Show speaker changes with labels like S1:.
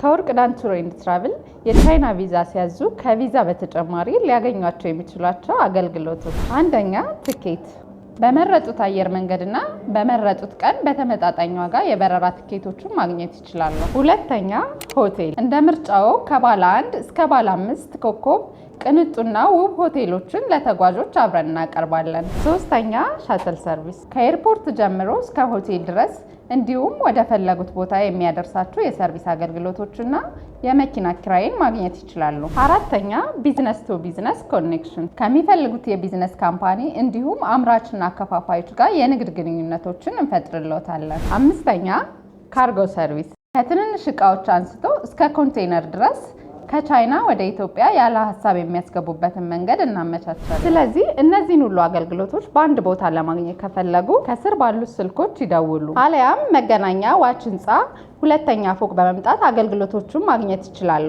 S1: ታወር ቅዳን ቱር ትራቭል የቻይና ቪዛ ሲያዙ ከቪዛ በተጨማሪ ሊያገኟቸው የሚችሏቸው አገልግሎቶች አንደኛ ትኬት በመረጡት አየር መንገድና በመረጡት ቀን በተመጣጣኝ ዋጋ የበረራ ትኬቶችን ማግኘት ይችላሉ። ሁለተኛ ሆቴል፣ እንደ ምርጫው ከባለ አንድ እስከ ባለ አምስት ኮከብ ቅንጡና ውብ ሆቴሎችን ለተጓዦች አብረን እናቀርባለን። ሶስተኛ ሻትል ሰርቪስ ከኤርፖርት ጀምሮ እስከ ሆቴል ድረስ እንዲሁም ወደ ፈለጉት ቦታ የሚያደርሳቸው የሰርቪስ አገልግሎቶችና የመኪና ኪራይን ማግኘት ይችላሉ። አራተኛ ቢዝነስ ቱ ቢዝነስ ኮኔክሽን ከሚፈልጉት የቢዝነስ ካምፓኒ እንዲሁም አምራችና አከፋፋዮች ጋር የንግድ ግንኙነቶችን እንፈጥርለታለን። አምስተኛ ካርጎ ሰርቪስ ከትንንሽ እቃዎች አንስቶ እስከ ኮንቴይነር ድረስ ከቻይና ወደ ኢትዮጵያ ያለ ሀሳብ የሚያስገቡበትን መንገድ እናመቻቻለን። ስለዚህ እነዚህን ሁሉ አገልግሎቶች በአንድ ቦታ ለማግኘት ከፈለጉ ከስር ባሉት ስልኮች ይደውሉ፣ አለያም መገናኛ ዋች ህንፃ ሁለተኛ ፎቅ በመምጣት አገልግሎቶቹን ማግኘት ይችላሉ።